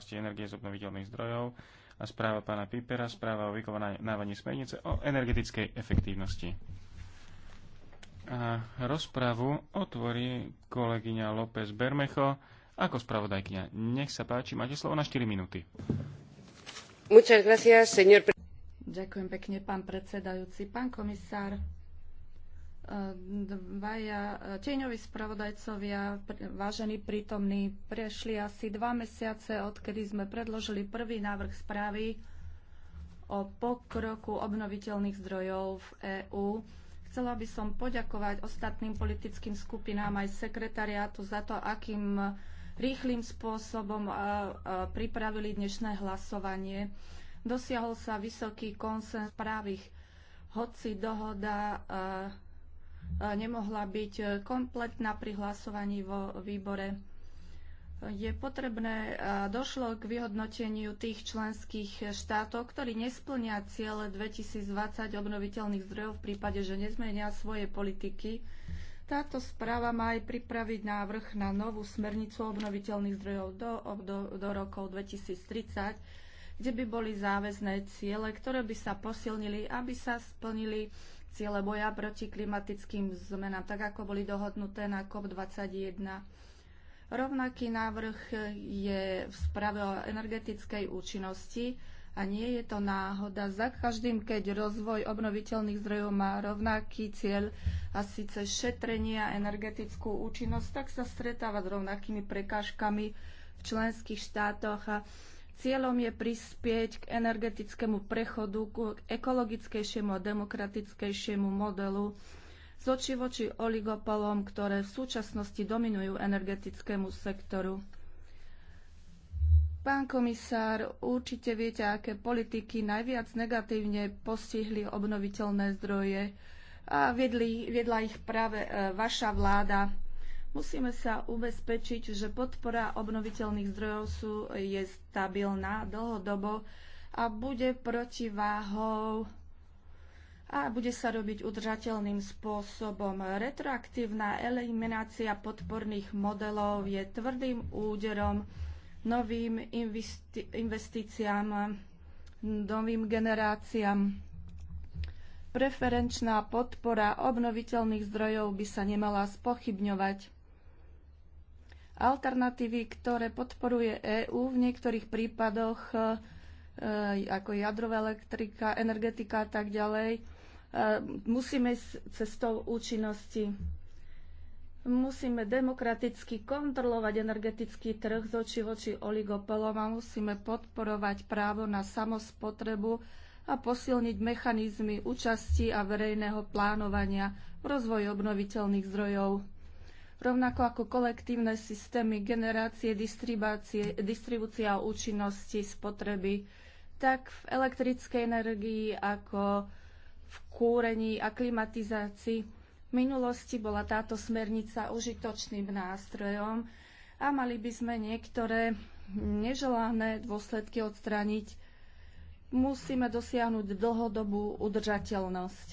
oblasti energie z obnoviteľných zdrojov a správa pána Pipera, správa o vykonávaní smernice o energetickej efektívnosti. A rozpravu otvorí kolegyňa López Bermecho ako spravodajkyňa. Nech sa páči, máte slovo na 4 minúty. Ďakujem pekne, pán predsedajúci. Pán komisár, dvaja e, tieňoví spravodajcovia, vážení prítomní, prešli asi dva mesiace, odkedy sme predložili prvý návrh správy o pokroku obnoviteľných zdrojov v EÚ. Chcela by som poďakovať ostatným politickým skupinám aj sekretariátu za to, akým rýchlým spôsobom e, e, pripravili dnešné hlasovanie. Dosiahol sa vysoký konsens právých, hoci dohoda nemohla byť e, kompletná pri hlasovaní vo výbore. Je potrebné, došlo k vyhodnoteniu tých členských štátov, ktorí nesplnia ciele 2020 obnoviteľných zdrojov v prípade, že nezmenia svoje politiky. Táto správa má aj pripraviť návrh na novú smernicu obnoviteľných zdrojov do, do, do rokov 2030, kde by boli záväzné ciele, ktoré by sa posilnili, aby sa splnili ciele boja proti klimatickým zmenám, tak ako boli dohodnuté na COP21. Rovnaký návrh je v správe o energetickej účinnosti a nie je to náhoda. Za každým, keď rozvoj obnoviteľných zdrojov má rovnaký cieľ a síce šetrenie a energetickú účinnosť, tak sa stretáva s rovnakými prekážkami v členských štátoch a Cieľom je prispieť k energetickému prechodu, k ekologickejšiemu a demokratickejšiemu modelu z oči voči oligopolom, ktoré v súčasnosti dominujú energetickému sektoru. Pán komisár, určite viete, aké politiky najviac negatívne postihli obnoviteľné zdroje a viedla ich práve e, vaša vláda. Musíme sa ubezpečiť, že podpora obnoviteľných zdrojov sú, je stabilná dlhodobo a bude protiváhou a bude sa robiť udržateľným spôsobom. Retroaktívna eliminácia podporných modelov je tvrdým úderom novým investíciám, novým generáciám. Preferenčná podpora obnoviteľných zdrojov by sa nemala spochybňovať alternatívy, ktoré podporuje EÚ v niektorých prípadoch, e, ako jadrová elektrika, energetika a tak ďalej, e, musíme ísť cestou účinnosti. Musíme demokraticky kontrolovať energetický trh z oči voči oligopolom a musíme podporovať právo na samospotrebu a posilniť mechanizmy účasti a verejného plánovania v rozvoji obnoviteľných zdrojov rovnako ako kolektívne systémy generácie, distribúcia a účinnosti spotreby, tak v elektrickej energii ako v kúrení a klimatizácii. V minulosti bola táto smernica užitočným nástrojom a mali by sme niektoré neželané dôsledky odstrániť. Musíme dosiahnuť dlhodobú udržateľnosť.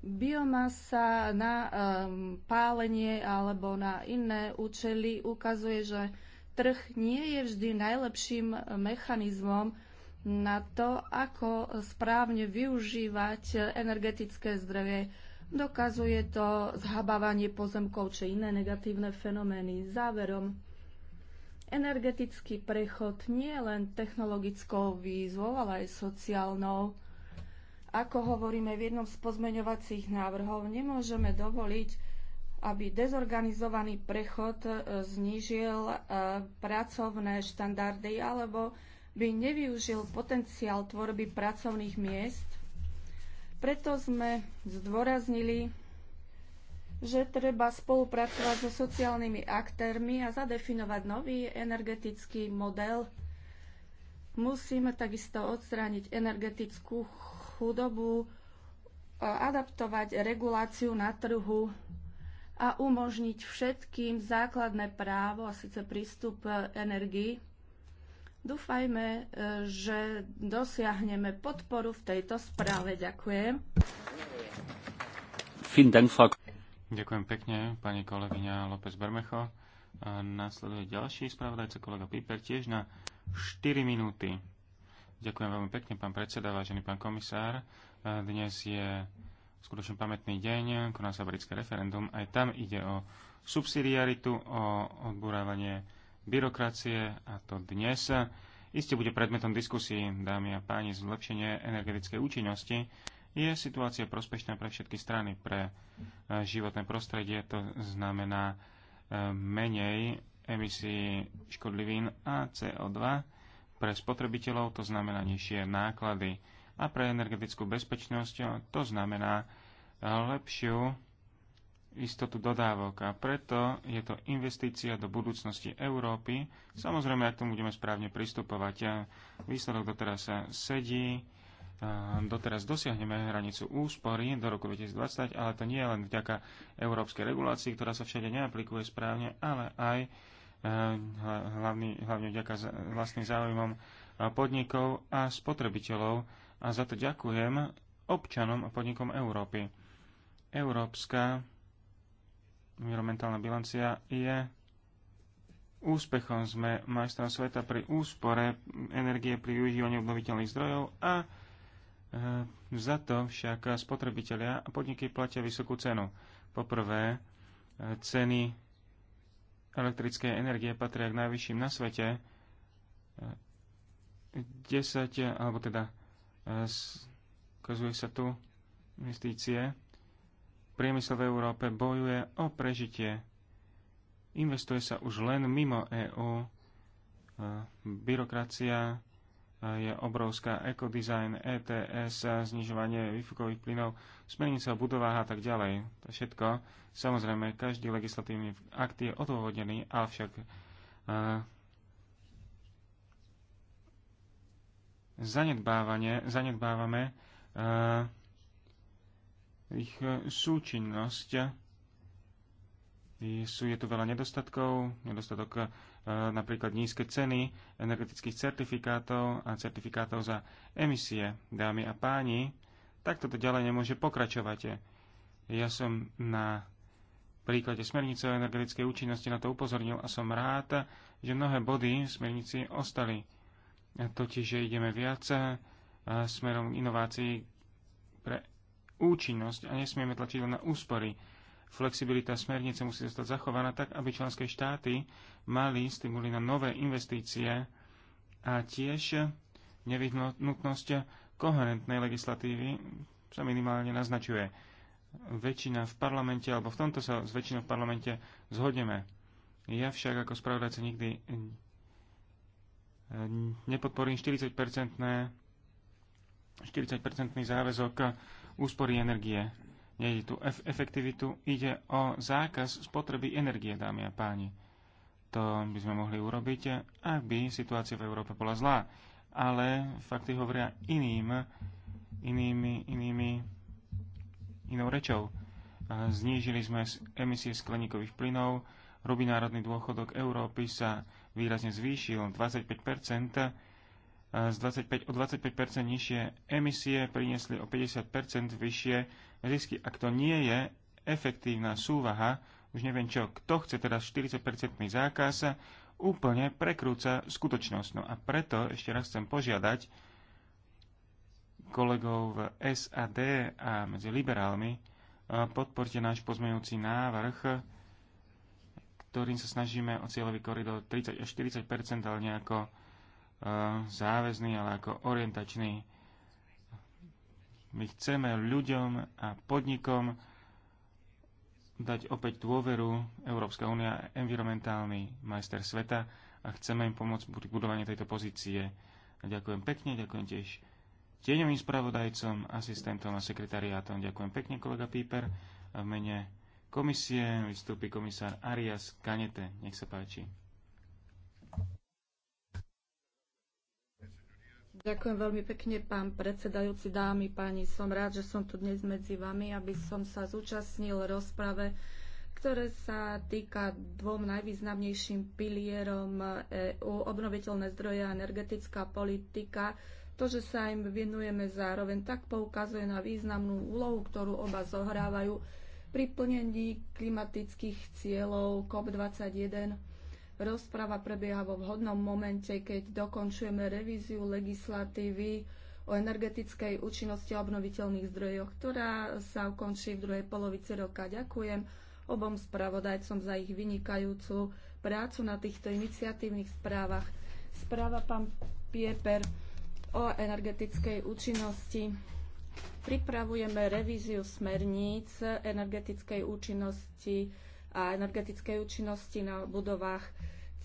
Biomasa na um, pálenie alebo na iné účely ukazuje, že trh nie je vždy najlepším mechanizmom na to, ako správne využívať energetické zdroje. Dokazuje to zhabávanie pozemkov či iné negatívne fenomény. Záverom, energetický prechod nie je len technologickou výzvou, ale aj sociálnou ako hovoríme v jednom z pozmeňovacích návrhov, nemôžeme dovoliť, aby dezorganizovaný prechod e, znížil e, pracovné štandardy alebo by nevyužil potenciál tvorby pracovných miest. Preto sme zdôraznili, že treba spolupracovať so sociálnymi aktérmi a zadefinovať nový energetický model. Musíme takisto odstrániť energetickú chudobu, e, adaptovať reguláciu na trhu a umožniť všetkým základné právo, a síce prístup energii. Dúfajme, e, že dosiahneme podporu v tejto správe. Ďakujem. Ďakujem pekne, pani kolegyňa López Bermecho. nasleduje ďalší spravodajca, kolega Piper, tiež na 4 minúty. Ďakujem veľmi pekne, pán predseda, vážený pán komisár. E, dnes je skutočne pamätný deň, koná sa britské referendum. Aj tam ide o subsidiaritu, o odburávanie byrokracie a to dnes. Isté bude predmetom diskusí, dámy a páni, zlepšenie energetickej účinnosti. Je situácia prospešná pre všetky strany, pre e, životné prostredie, to znamená e, menej emisí škodlivín a CO2 pre spotrebiteľov to znamená nižšie náklady a pre energetickú bezpečnosť to znamená e, lepšiu istotu dodávok a preto je to investícia do budúcnosti Európy. Samozrejme, ak tomu budeme správne pristupovať, a výsledok doteraz sa sedí, doteraz dosiahneme hranicu úspory do roku 2020, ale to nie je len vďaka európskej regulácii, ktorá sa všade neaplikuje správne, ale aj Eh, hlavný, hlavne vďaka vlastným záujmom eh, podnikov a spotrebiteľov a za to ďakujem občanom a podnikom Európy. Európska environmentálna bilancia je úspechom sme majstrom sveta pri úspore energie pri využívaní obnoviteľných zdrojov a e, za to však spotrebitelia a podniky platia vysokú cenu. Poprvé, e, ceny elektrické energie patria k najvyšším na svete. 10, alebo teda ukazuje e, sa tu investície. Priemysel v Európe bojuje o prežitie. Investuje sa už len mimo EÚ. E, byrokracia je obrovská ekodizajn, ETS, znižovanie výfukových plynov, smernica o budovách a tak ďalej. To všetko, samozrejme, každý legislatívny akt je odôvodnený, avšak uh, zanedbávanie, zanedbávame uh, ich súčinnosť. Sú, je tu veľa nedostatkov, nedostatok E, napríklad nízke ceny energetických certifikátov a certifikátov za emisie, dámy a páni, tak toto ďalej nemôže pokračovať. Ja som na príklade smernice o energetickej účinnosti na to upozornil a som rád, že mnohé body v smernici ostali. Totiž, že ideme viac e, smerom inovácií pre účinnosť a nesmieme tlačiť len na úspory Flexibilita smernice musí zostať zachovaná tak, aby členské štáty mali stimuli na nové investície a tiež nevyhnutnosť koherentnej legislatívy sa minimálne naznačuje. Väčšina v parlamente, alebo v tomto sa s väčšinou v parlamente zhodneme. Ja však ako spravodajca nikdy eh, nepodporím 40 percentný 40 záväzok úspory energie. Nejde tu tu efektivitu, ide o zákaz spotreby energie, dámy a páni. To by sme mohli urobiť, ak by situácia v Európe bola zlá. Ale fakty hovoria iným, inými, inými, inou rečou. Znížili sme emisie skleníkových plynov, hrubý národný dôchodok Európy sa výrazne zvýšil 25 z 25, o 25 nižšie emisie priniesli o 50 vyššie zisky. Ak to nie je efektívna súvaha, už neviem čo, kto chce teda 40-percentný zákaz, úplne prekrúca skutočnosť. No a preto ešte raz chcem požiadať kolegov v SAD a medzi liberálmi, e, podporte náš pozmeňujúci návrh, ktorým sa snažíme o cieľový koridor 30 až 40 ale nejako e, záväzný, ale ako orientačný my chceme ľuďom a podnikom dať opäť dôveru Európska únia, environmentálny majster sveta a chceme im pomôcť pri budovaní tejto pozície. A ďakujem pekne, ďakujem tiež tieňovým spravodajcom, asistentom a sekretariátom. Ďakujem pekne, kolega Píper. A v mene komisie vystúpi komisár Arias Kanete. Nech sa páči. Ďakujem veľmi pekne, pán predsedajúci, dámy, páni. Som rád, že som tu dnes medzi vami, aby som sa zúčastnil rozprave, ktoré sa týka dvom najvýznamnejším pilierom EU, obnoviteľné zdroje a energetická politika. To, že sa im venujeme zároveň, tak poukazuje na významnú úlohu, ktorú oba zohrávajú pri plnení klimatických cieľov COP21 Rozpráva prebieha vo vhodnom momente, keď dokončujeme revíziu legislatívy o energetickej účinnosti a obnoviteľných zdrojoch, ktorá sa ukončí v druhej polovici roka. Ďakujem obom spravodajcom za ich vynikajúcu prácu na týchto iniciatívnych správach. Správa pán Pieper o energetickej účinnosti. Pripravujeme revíziu smerníc energetickej účinnosti a energetickej účinnosti na budovách.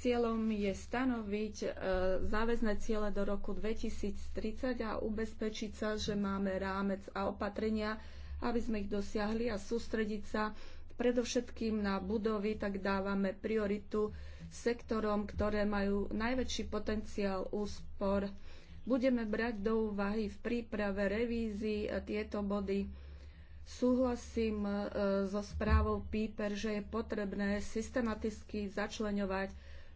Cieľom je stanoviť záväzne záväzné ciele do roku 2030 a ubezpečiť sa, že máme rámec a opatrenia, aby sme ich dosiahli a sústrediť sa predovšetkým na budovy, tak dávame prioritu sektorom, ktoré majú najväčší potenciál úspor. Budeme brať do úvahy v príprave revízii e, tieto body Súhlasím e, so správou Píper, že je potrebné systematicky začleňovať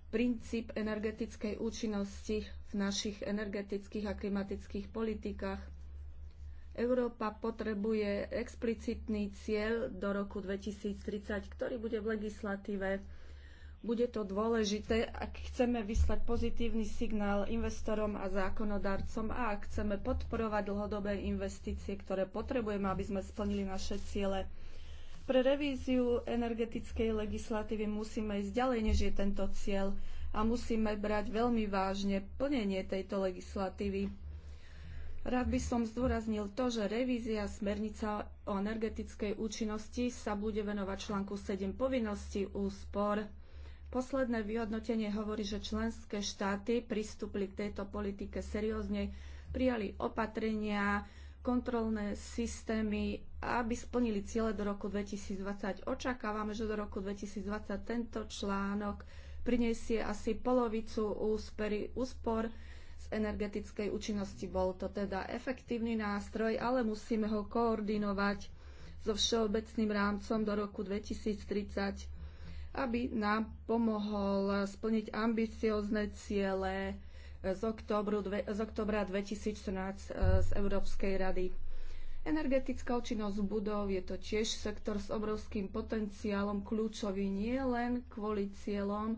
princíp energetickej účinnosti v našich energetických a klimatických politikách. Európa potrebuje explicitný cieľ do roku 2030, ktorý bude v legislatíve bude to dôležité, ak chceme vyslať pozitívny signál investorom a zákonodarcom a ak chceme podporovať dlhodobé investície, ktoré potrebujeme, aby sme splnili naše ciele. Pre revíziu energetickej legislatívy musíme ísť ďalej, než je tento cieľ a musíme brať veľmi vážne plnenie tejto legislatívy. Rád by som zdôraznil to, že revízia smernica o energetickej účinnosti sa bude venovať článku 7 povinnosti úspor Posledné vyhodnotenie hovorí, že členské štáty pristúpili k tejto politike seriózne, prijali opatrenia, kontrolné systémy, aby splnili ciele do roku 2020. Očakávame, že do roku 2020 tento článok priniesie asi polovicu úspery, úspor z energetickej účinnosti. Bol to teda efektívny nástroj, ale musíme ho koordinovať so všeobecným rámcom do roku 2030 aby nám pomohol splniť ambiciozne ciele z, oktobru, z oktobra 2014 e, z Európskej rady. Energetická účinnosť budov je to tiež sektor s obrovským potenciálom kľúčový nie len kvôli cieľom,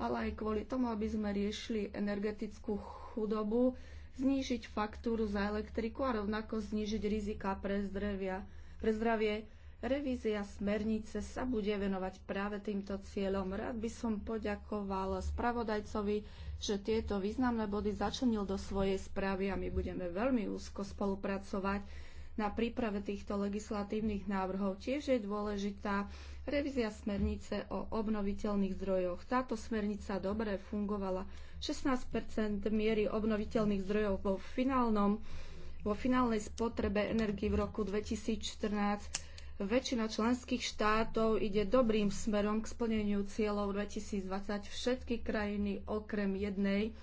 ale aj kvôli tomu, aby sme riešili energetickú chudobu, znížiť faktúru za elektriku a rovnako znížiť rizika pre, zdrevia, pre zdravie Revízia smernice sa bude venovať práve týmto cieľom. Rád by som poďakoval spravodajcovi, že tieto významné body začlenil do svojej správy a my budeme veľmi úzko spolupracovať na príprave týchto legislatívnych návrhov. Tiež je dôležitá revízia smernice o obnoviteľných zdrojoch. Táto smernica dobre fungovala. 16 miery obnoviteľných zdrojov vo, finálnom, vo finálnej spotrebe energii v roku 2014 väčšina členských štátov ide dobrým smerom k splneniu cieľov 2020. Všetky krajiny okrem jednej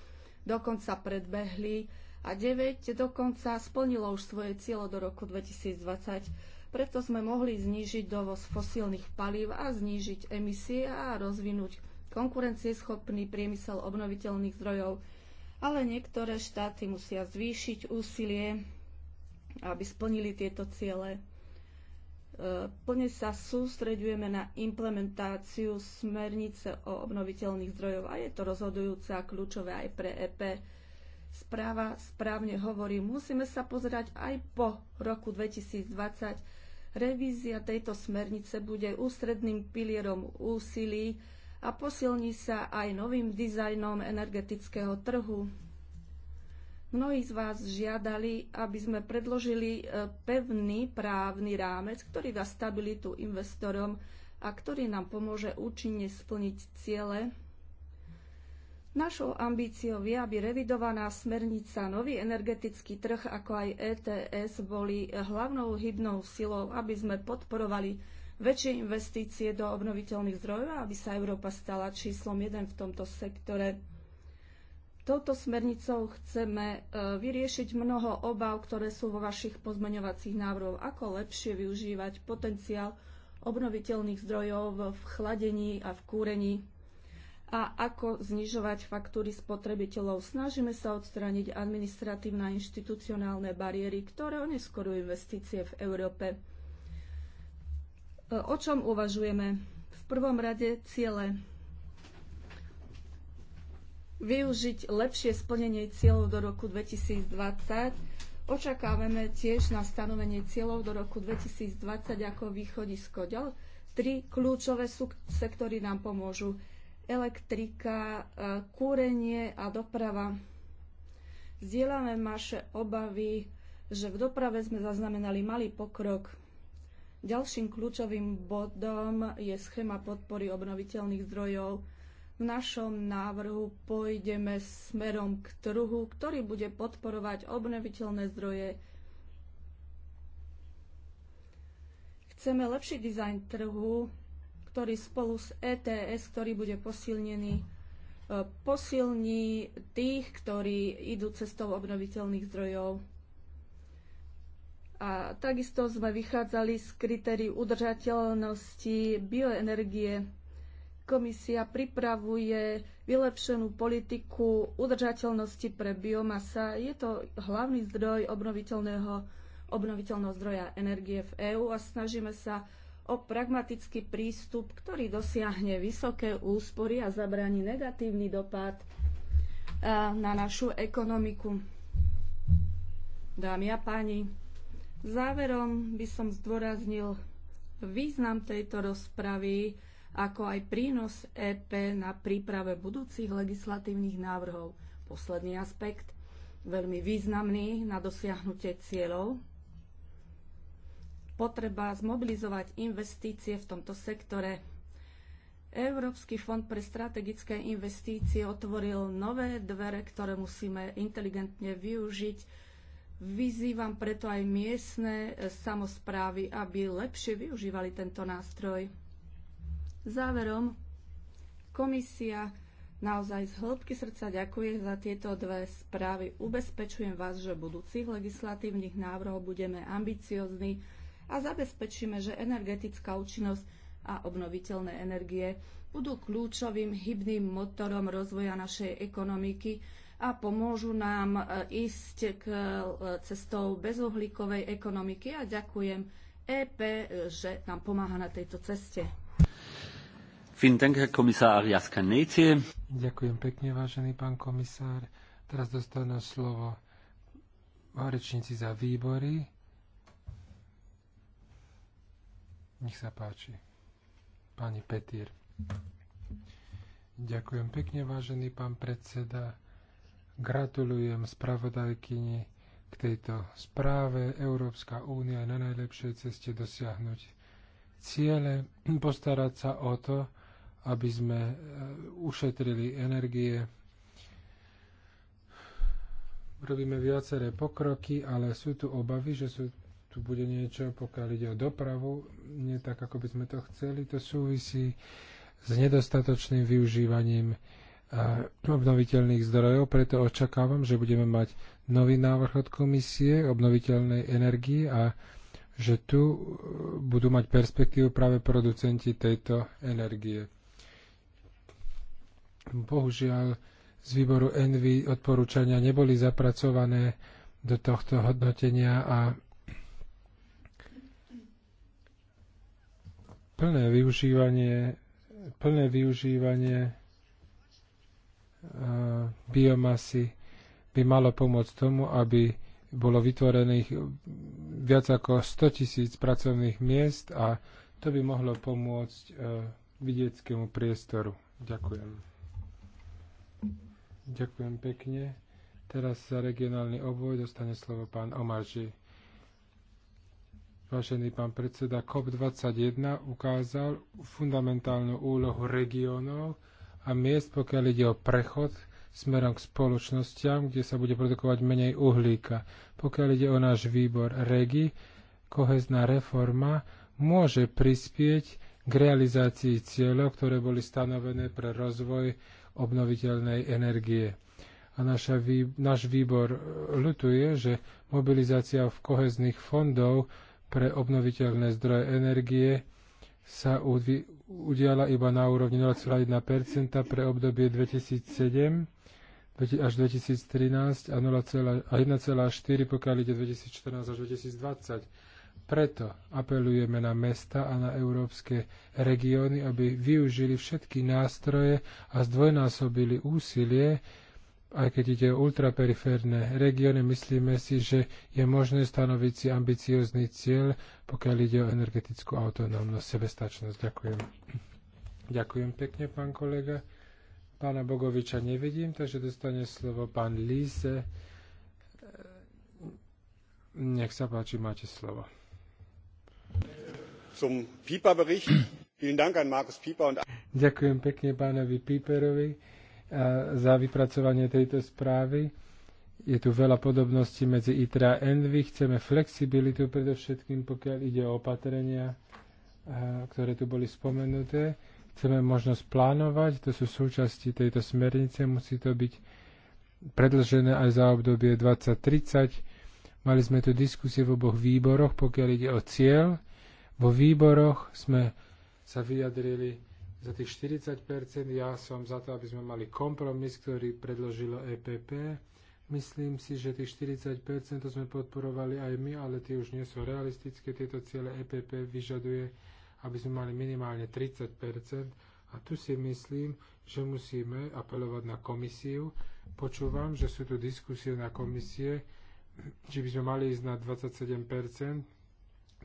dokonca predbehli a 9 dokonca splnilo už svoje cieľo do roku 2020. Preto sme mohli znížiť dovoz fosílnych palív a znížiť emisie a rozvinúť konkurencieschopný priemysel obnoviteľných zdrojov. Ale niektoré štáty musia zvýšiť úsilie, aby splnili tieto ciele. Plne sa sústreďujeme na implementáciu smernice o obnoviteľných zdrojoch a je to rozhodujúce a kľúčové aj pre EP. Správa správne hovorí, musíme sa pozerať aj po roku 2020. Revízia tejto smernice bude ústredným pilierom úsilí a posilní sa aj novým dizajnom energetického trhu. Mnohí z vás žiadali, aby sme predložili e, pevný právny rámec, ktorý dá stabilitu investorom a ktorý nám pomôže účinne splniť ciele. Našou ambíciou je, aby revidovaná smernica, nový energetický trh, ako aj ETS boli hlavnou hybnou silou, aby sme podporovali väčšie investície do obnoviteľných zdrojov, aby sa Európa stala číslom 1 v tomto sektore. Touto smernicou chceme e, vyriešiť mnoho obav, ktoré sú vo vašich pozmeňovacích návrhoch, ako lepšie využívať potenciál obnoviteľných zdrojov v chladení a v kúrení a ako znižovať faktúry spotrebiteľov. Snažíme sa odstrániť administratívne a inštitucionálne bariéry, ktoré oneskorujú investície v Európe. E, o čom uvažujeme? V prvom rade ciele využiť lepšie splnenie cieľov do roku 2020. Očakávame tiež na stanovenie cieľov do roku 2020 ako východisko. Ďal, tri kľúčové sú sektory nám pomôžu. Elektrika, e, kúrenie a doprava. Zdieľame naše obavy, že v doprave sme zaznamenali malý pokrok. Ďalším kľúčovým bodom je schéma podpory obnoviteľných zdrojov v našom návrhu pôjdeme smerom k trhu, ktorý bude podporovať obnoviteľné zdroje. Chceme lepší dizajn trhu, ktorý spolu s ETS, ktorý bude posilnený, e, posilní tých, ktorí idú cestou obnoviteľných zdrojov. A takisto sme vychádzali z kritérií udržateľnosti bioenergie Komisia pripravuje vylepšenú politiku udržateľnosti pre biomasa. Je to hlavný zdroj obnoviteľného, obnoviteľného zdroja energie v EÚ a snažíme sa o pragmatický prístup, ktorý dosiahne vysoké úspory a zabráni negatívny dopad e, na našu ekonomiku. Dámy a páni, záverom by som zdôraznil význam tejto rozpravy ako aj prínos EP na príprave budúcich legislatívnych návrhov. Posledný aspekt, veľmi významný na dosiahnutie cieľov. Potreba zmobilizovať investície v tomto sektore. Európsky fond pre strategické investície otvoril nové dvere, ktoré musíme inteligentne využiť. Vyzývam preto aj miestne samozprávy, aby lepšie využívali tento nástroj Záverom, komisia naozaj z hĺbky srdca ďakuje za tieto dve správy. Ubezpečujem vás, že budúcich legislatívnych návrhov budeme ambiciozni a zabezpečíme, že energetická účinnosť a obnoviteľné energie budú kľúčovým hybným motorom rozvoja našej ekonomiky a pomôžu nám e, ísť k e, cestou bezuhlíkovej ekonomiky a ďakujem EP, e, že nám pomáha na tejto ceste. Ďakujem pekne, vážený pán komisár. Teraz dostanú slovo rečníci za výbory. Nech sa páči. Pani Petír. Ďakujem pekne, vážený pán predseda. Gratulujem spravodajkyni k tejto správe. Európska únia je na najlepšej ceste dosiahnuť ciele, postarať sa o to, aby sme e, ušetrili energie. Robíme viaceré pokroky, ale sú tu obavy, že sú, tu bude niečo, pokiaľ ide o dopravu, nie tak, ako by sme to chceli. To súvisí s nedostatočným využívaním e, obnoviteľných zdrojov, preto očakávam, že budeme mať nový návrh od komisie obnoviteľnej energii a že tu e, budú mať perspektívu práve producenti tejto energie. Bohužiaľ, z výboru Envy odporúčania neboli zapracované do tohto hodnotenia a plné využívanie, plné využívanie e, biomasy by malo pomôcť tomu, aby bolo vytvorených viac ako 100 tisíc pracovných miest a to by mohlo pomôcť e, vidieckému priestoru. Ďakujem. Ďakujem pekne. Teraz za regionálny obvoj dostane slovo pán Omarži. Vážený pán predseda, COP21 ukázal fundamentálnu úlohu regiónov a miest, pokiaľ ide o prechod smerom k spoločnostiam, kde sa bude produkovať menej uhlíka. Pokiaľ ide o náš výbor REGI, kohezná reforma môže prispieť k realizácii cieľov, ktoré boli stanovené pre rozvoj obnoviteľnej energie. A naša, náš výbor ľutuje, že mobilizácia v kohezných fondov pre obnoviteľné zdroje energie sa udiala iba na úrovni 0,1 pre obdobie 2007 až 2013 a, a 1,4 pokiaľ ide 2014 až 2020. Preto apelujeme na mesta a na európske regióny, aby využili všetky nástroje a zdvojnásobili úsilie, aj keď ide o ultraperiférne regióny, myslíme si, že je možné stanoviť si ambiciózny cieľ, pokiaľ ide o energetickú autonómnosť, sebestačnosť. Ďakujem. Ďakujem pekne, pán kolega. Pána Bogoviča nevidím, takže dostane slovo pán Líze. Nech sa páči, máte slovo. Ďakujem pekne pánovi Píperovi eh, za vypracovanie tejto správy. Je tu veľa podobností medzi ITRA a ENVY. Chceme flexibilitu, predovšetkým pokiaľ ide o opatrenia, eh, ktoré tu boli spomenuté. Chceme možnosť plánovať, to sú súčasti tejto smernice, musí to byť predlžené aj za obdobie 2030 Mali sme tu diskusie v oboch výboroch, pokiaľ ide o cieľ. Vo výboroch sme sa vyjadrili za tých 40 Ja som za to, aby sme mali kompromis, ktorý predložilo EPP. Myslím si, že tých 40 to sme podporovali aj my, ale tie už nie sú realistické. Tieto ciele EPP vyžaduje, aby sme mali minimálne 30 a tu si myslím, že musíme apelovať na komisiu. Počúvam, že sú tu diskusie na komisie, či by sme mali ísť na 27%.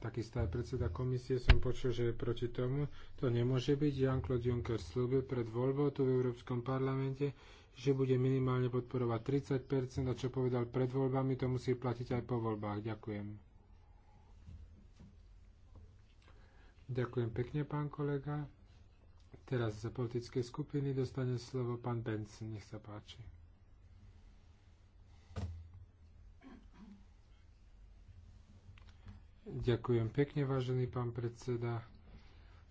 Takisto aj predseda komisie som počul, že je proti tomu. To nemôže byť. Jean-Claude Juncker slúbil pred voľbou tu v Európskom parlamente, že bude minimálne podporovať 30% a čo povedal pred voľbami, to musí platiť aj po voľbách. Ďakujem. Ďakujem pekne, pán kolega. Teraz za politické skupiny dostane slovo pán Benson. Nech sa páči. Ďakujem pekne, vážený pán predseda.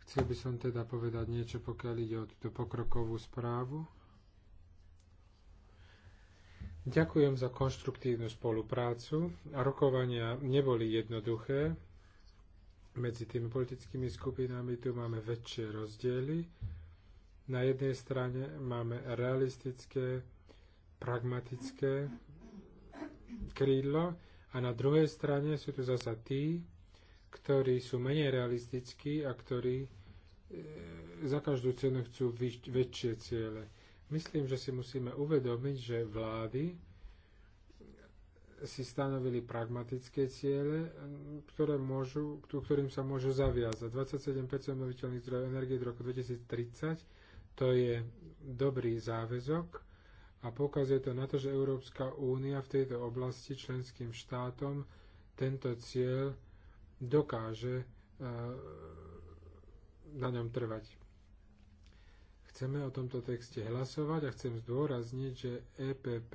Chcel by som teda povedať niečo, pokiaľ ide o túto pokrokovú správu. Ďakujem za konštruktívnu spoluprácu. Rokovania neboli jednoduché. Medzi tými politickými skupinami tu máme väčšie rozdiely. Na jednej strane máme realistické, pragmatické krídlo, a na druhej strane sú tu zasa tí, ktorí sú menej realistickí a ktorí e, za každú cenu chcú vyš- väčšie ciele. Myslím, že si musíme uvedomiť, že vlády si stanovili pragmatické ciele, ktoré môžu, ktorým sa môžu zaviazať. 27% obnoviteľných zdrojov energie do roku 2030 to je dobrý záväzok, a pokazuje to na to, že Európska únia v tejto oblasti členským štátom tento cieľ dokáže e, na ňom trvať. Chceme o tomto texte hlasovať a chcem zdôrazniť, že EPP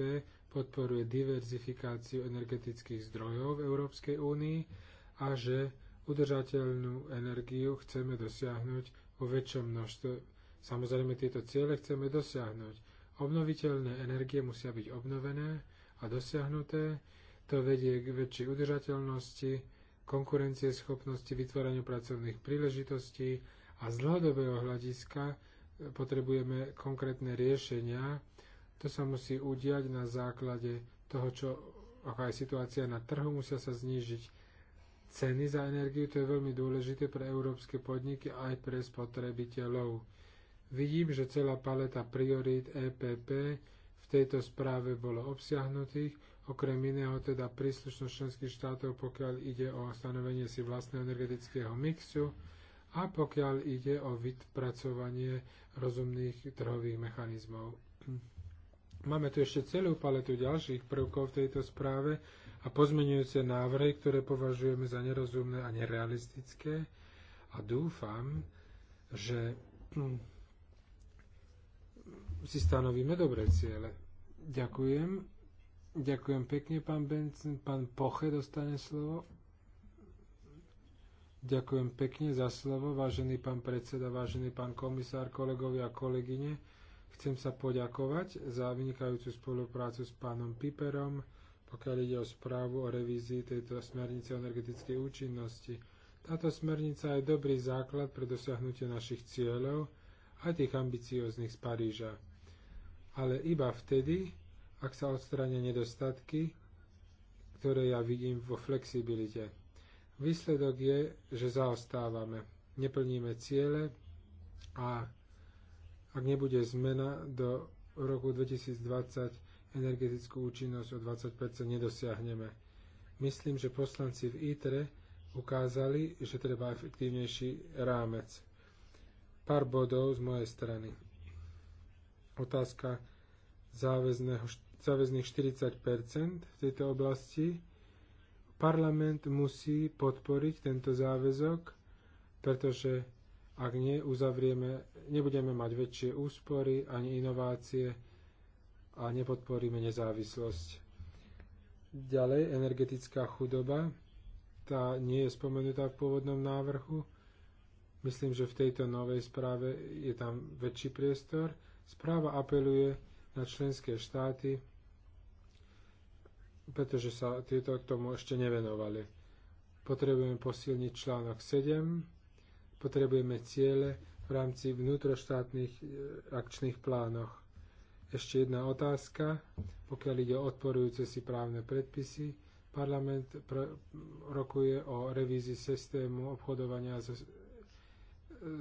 podporuje diverzifikáciu energetických zdrojov v Európskej únii a že udržateľnú energiu chceme dosiahnuť vo väčšom množstve. Samozrejme, tieto ciele chceme dosiahnuť Obnoviteľné energie musia byť obnovené a dosiahnuté. To vedie k väčšej udržateľnosti, konkurencieschopnosti, vytváraniu pracovných príležitostí a z dlhodobého hľadiska eh, potrebujeme konkrétne riešenia. To sa musí udiať na základe toho, čo, aká je situácia na trhu, musia sa znížiť ceny za energiu, to je veľmi dôležité pre európske podniky aj pre spotrebiteľov. Vidím, že celá paleta priorít EPP v tejto správe bolo obsiahnutých, okrem iného teda príslušnosť členských štátov, pokiaľ ide o stanovenie si vlastného energetického mixu a pokiaľ ide o vypracovanie rozumných trhových mechanizmov. Máme tu ešte celú paletu ďalších prvkov v tejto správe a pozmenujúce návrhy, ktoré považujeme za nerozumné a nerealistické a dúfam, že si stanovíme dobré ciele. Ďakujem. Ďakujem pekne, pán Benson. Pán Poche dostane slovo. Ďakujem pekne za slovo, vážený pán predseda, vážený pán komisár, kolegovia a kolegyne. Chcem sa poďakovať za vynikajúcu spoluprácu s pánom Piperom, pokiaľ ide o správu o revízii tejto smernice o energetickej účinnosti. Táto smernica je dobrý základ pre dosiahnutie našich cieľov, aj tých ambicióznych z Paríža ale iba vtedy, ak sa odstránia nedostatky, ktoré ja vidím vo flexibilite. Výsledok je, že zaostávame, neplníme ciele a ak nebude zmena do roku 2020 energetickú účinnosť o 20% nedosiahneme. Myslím, že poslanci v ITRE ukázali, že treba efektívnejší rámec. Pár bodov z mojej strany otázka záväzných 40 v tejto oblasti. Parlament musí podporiť tento záväzok, pretože ak nie, uzavrieme, nebudeme mať väčšie úspory ani inovácie a nepodporíme nezávislosť. Ďalej, energetická chudoba. Tá nie je spomenutá v pôvodnom návrhu. Myslím, že v tejto novej správe je tam väčší priestor Správa apeluje na členské štáty, pretože sa tieto k tomu ešte nevenovali. Potrebujeme posilniť článok 7, potrebujeme ciele v rámci vnútroštátnych e, akčných plánoch. Ešte jedna otázka, pokiaľ ide o odporujúce si právne predpisy. Parlament rokuje o revízii systému obchodovania so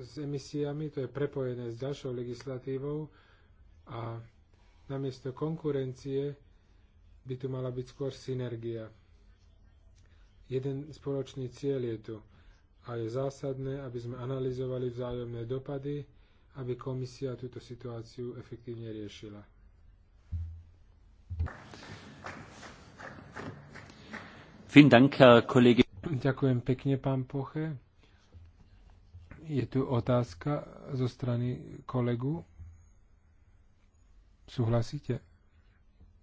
s emisiami, to je prepojené s ďalšou legislatívou a namiesto konkurencie by tu mala byť skôr synergia. Jeden spoločný cieľ je tu a je zásadné, aby sme analyzovali vzájomné dopady, aby komisia túto situáciu efektívne riešila. Ďakujem pekne, pán Poche. Je tu otázka zo strany kolegu. Súhlasíte?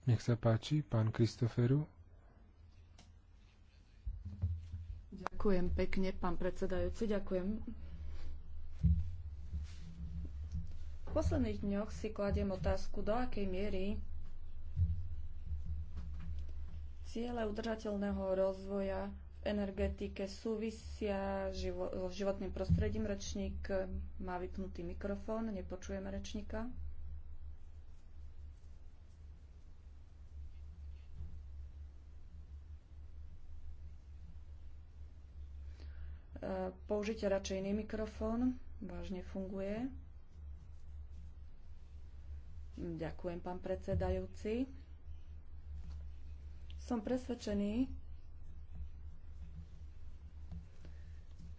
Nech sa páči, pán Kristoferu. Ďakujem pekne, pán predsedajúci, ďakujem. V posledných dňoch si kladiem otázku, do akej miery ciele udržateľného rozvoja v energetike súvisia živo- so životným prostredím. Rečník eh, má vypnutý mikrofón, nepočujeme rečníka. Eh, použite radšej iný mikrofón, vážne funguje. Ďakujem, pán predsedajúci. Som presvedčený,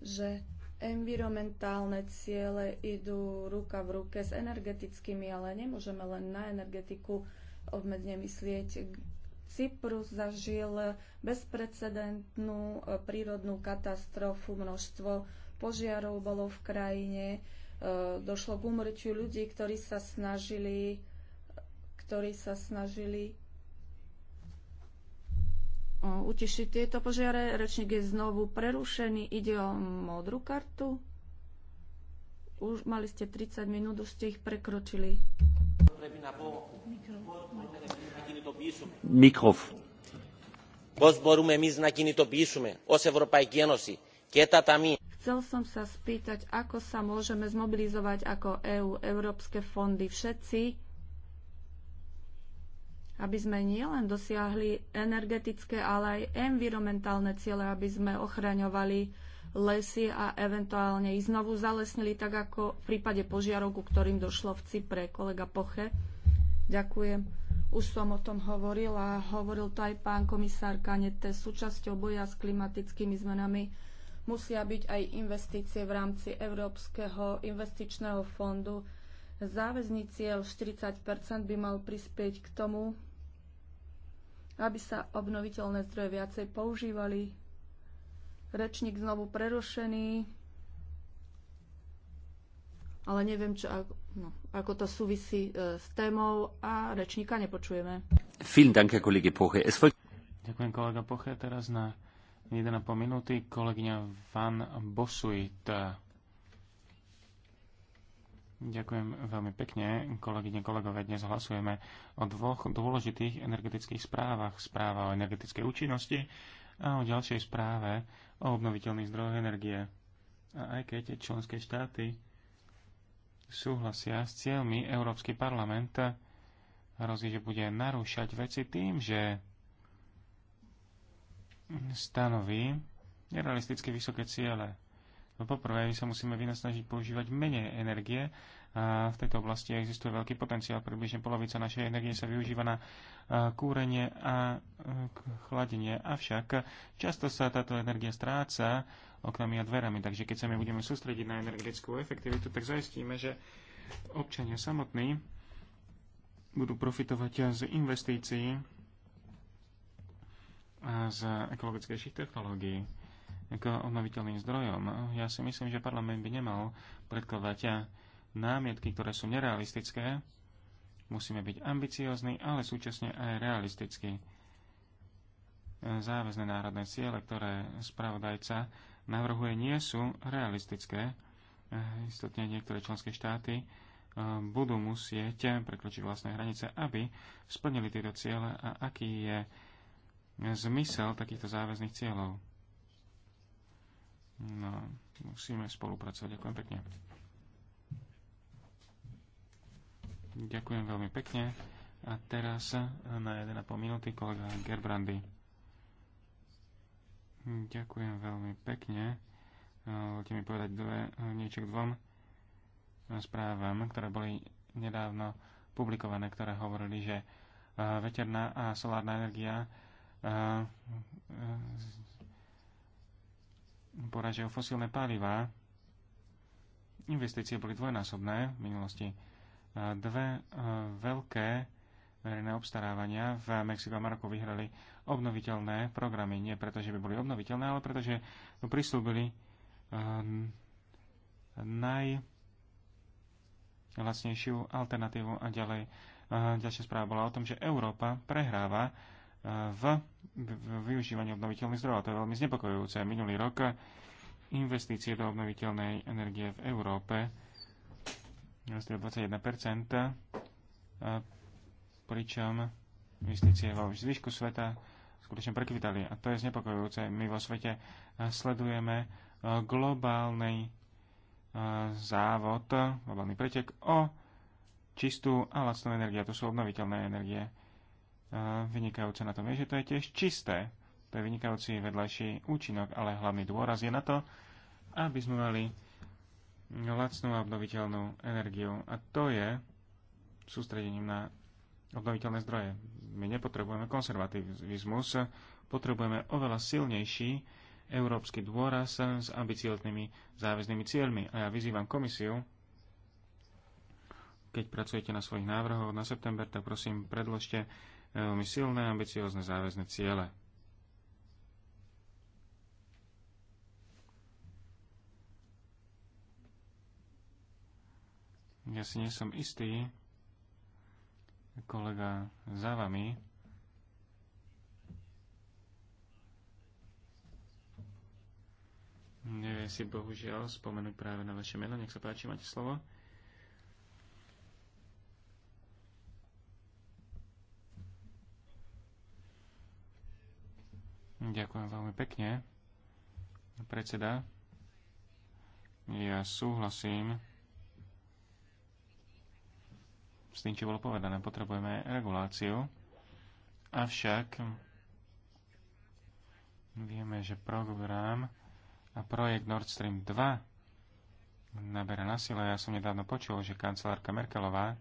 že environmentálne ciele idú ruka v ruke s energetickými, ale nemôžeme len na energetiku obmedne myslieť. Cyprus zažil bezprecedentnú e, prírodnú katastrofu, množstvo požiarov bolo v krajine, e, došlo k úmrtiu ľudí, ktorí sa snažili ktorí sa snažili utešiť tieto požiare. Rečník je znovu prerušený. Ide o modrú kartu. Už mali ste 30 minút, už ste ich prekročili. Mikrof. Chcel som sa spýtať, ako sa môžeme zmobilizovať ako EÚ, EU, európske fondy, všetci, aby sme nielen dosiahli energetické, ale aj environmentálne ciele, aby sme ochraňovali lesy a eventuálne ich znovu zalesnili, tak ako v prípade požiarov, ku ktorým došlo v Cypre. Kolega Poche, ďakujem. Už som o tom hovoril a hovoril to aj pán komisár Kanete. Súčasťou boja s klimatickými zmenami musia byť aj investície v rámci Európskeho investičného fondu. Záväzný cieľ 40 by mal prispieť k tomu, aby sa obnoviteľné zdroje viacej používali. Rečník znovu prerušený, ale neviem, čo, no, ako to súvisí e, s témou a rečníka nepočujeme. Ďakujem, kolega Poche. Teraz na 1,5 minúty kolegyňa Van Bosuit. Ďakujem veľmi pekne. Kolegyne, kolegové, dnes hlasujeme o dvoch dôležitých energetických správach. Správa o energetickej účinnosti a o ďalšej správe o obnoviteľných zdrojoch energie. A aj keď členské štáty súhlasia s cieľmi, Európsky parlament hrozí, že bude narúšať veci tým, že stanoví nerealisticky vysoké ciele. No poprvé, my sa musíme vynasnažiť používať menej energie. A v tejto oblasti existuje veľký potenciál. Približne polovica našej energie sa využíva na kúrenie a chladenie. Avšak často sa táto energia stráca oknami a dverami. Takže keď sa my budeme sústrediť na energetickú efektivitu, tak zaistíme, že občania samotní budú profitovať z investícií a z ekologickejších technológií k obnoviteľným zdrojom. Ja si myslím, že parlament by nemal predkladať námietky, ktoré sú nerealistické. Musíme byť ambiciózni, ale súčasne aj realisticky. Záväzné národné ciele, ktoré spravodajca navrhuje, nie sú realistické. Istotne niektoré členské štáty eh, budú musieť prekročiť vlastné hranice, aby splnili tieto ciele a aký je zmysel takýchto záväzných cieľov. No, musíme spolupracovať. Ďakujem pekne. Ďakujem veľmi pekne. A teraz na 1,5 minúty kolega Gerbrandy. Ďakujem veľmi pekne. Dovolte mi povedať dve, niečo k dvom správam, ktoré boli nedávno publikované, ktoré hovorili, že veterná a solárna energia eh, poražajú fosílne palivá. Investície boli dvojnásobné v minulosti. Dve e, veľké verejné obstarávania v Mexiku a Maroku vyhrali obnoviteľné programy. Nie preto, že by boli obnoviteľné, ale preto, že prislúbili ehm, najlacnejšiu alternatívu a ďalej. E, ďalšia správa bola o tom, že Európa prehráva v využívaní obnoviteľných zdrojov. To je veľmi znepokojujúce. Minulý rok investície do obnoviteľnej energie v Európe rastli 21 pričom investície vo zvyšku sveta skutočne prekvitali. A to je znepokojujúce. My vo svete sledujeme e, globálny e, závod, globálny pretek o čistú a lacnú energiu. To sú obnoviteľné energie vynikajúce na tom je, že to je tiež čisté. To je vynikajúci vedľajší účinok, ale hlavný dôraz je na to, aby sme mali lacnú a obnoviteľnú energiu. A to je sústredením na obnoviteľné zdroje. My nepotrebujeme konzervativizmus, potrebujeme oveľa silnejší európsky dôraz s ambicioznymi záväznými cieľmi. A ja vyzývam komisiu, keď pracujete na svojich návrhoch na september, tak prosím predložte veľmi silné, ambiciozne, záväzne ciele. Ja si nie som istý, kolega za vami, Neviem si bohužiaľ spomenúť práve na vaše meno. Nech sa páči, máte slovo. Ďakujem veľmi pekne. Predseda, ja súhlasím s tým, čo bolo povedané. Potrebujeme reguláciu, avšak vieme, že program a projekt Nord Stream 2 naberá na sile. Ja som nedávno počul, že kancelárka Merkelová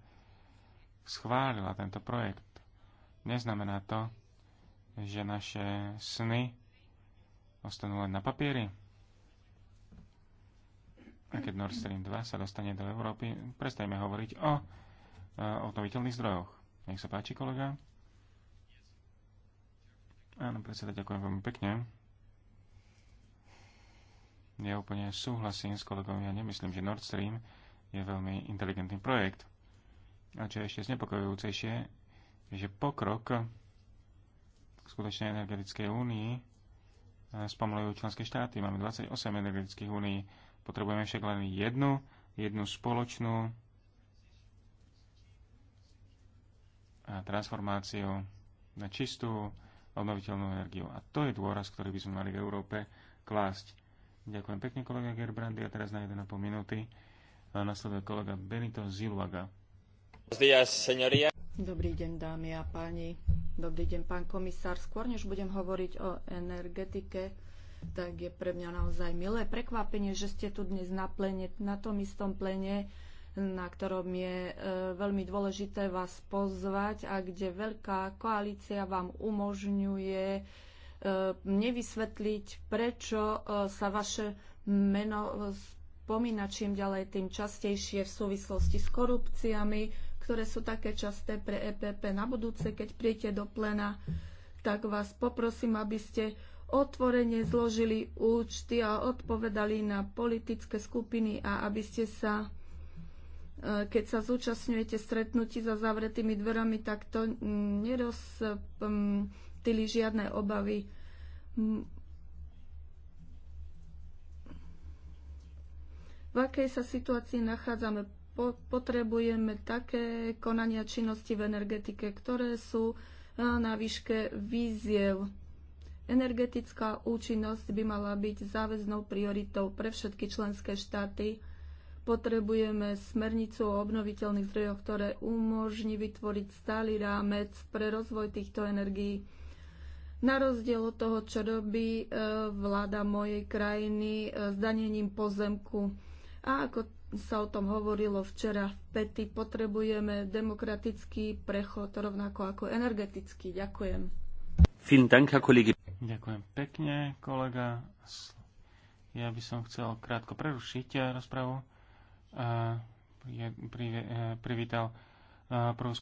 schválila tento projekt. Neznamená to, že naše sny ostanú len na papieri. A keď Nord Stream 2 sa dostane do Európy, prestajme hovoriť o, e, obnoviteľných zdrojoch. Nech sa páči, kolega. Áno, predseda, ďakujem veľmi pekne. Ja úplne súhlasím s kolegom, ja nemyslím, že Nord Stream je veľmi inteligentný projekt. A čo je ešte znepokojujúcejšie, že pokrok skutočnej energetickej únii e, spomalujú členské štáty. Máme 28 energetických únií, potrebujeme však len jednu, jednu spoločnú a e, transformáciu na čistú obnoviteľnú energiu. A to je dôraz, ktorý by sme mali v Európe klásť. Ďakujem pekne, kolega Gerbrandy. A teraz na 1,5 minúty e, nasleduje kolega Benito Ziluaga. Dobrý deň, dámy a páni. Dobrý deň, pán komisár. Skôr než budem hovoriť o energetike, tak je pre mňa naozaj milé prekvapenie, že ste tu dnes na, plene, na tom istom plene, na ktorom je e, veľmi dôležité vás pozvať a kde veľká koalícia vám umožňuje e, nevysvetliť, prečo e, sa vaše meno spomína čím ďalej, tým častejšie v súvislosti s korupciami, ktoré sú také časté pre EPP. Na budúce, keď príjete do plena, tak vás poprosím, aby ste otvorene zložili účty a odpovedali na politické skupiny a aby ste sa, e, keď sa zúčastňujete stretnutí za zavretými dverami, tak to nerozptýli žiadne obavy. V akej sa situácii nachádzame potrebujeme také konania činnosti v energetike, ktoré sú e, na výške víziev. Energetická účinnosť by mala byť záväznou prioritou pre všetky členské štáty. Potrebujeme smernicu o obnoviteľných zdrojoch, ktoré umožní vytvoriť stály rámec pre rozvoj týchto energií. Na rozdiel od toho, čo robí e, vláda mojej krajiny s e, danením pozemku. A ako sa o tom hovorilo včera v Pety, potrebujeme demokratický prechod rovnako ako energetický. Ďakujem. Ďakujem pekne, kolega. Ja by som chcel krátko prerušiť eh, rozpravu. Eh, eh, privítal prvú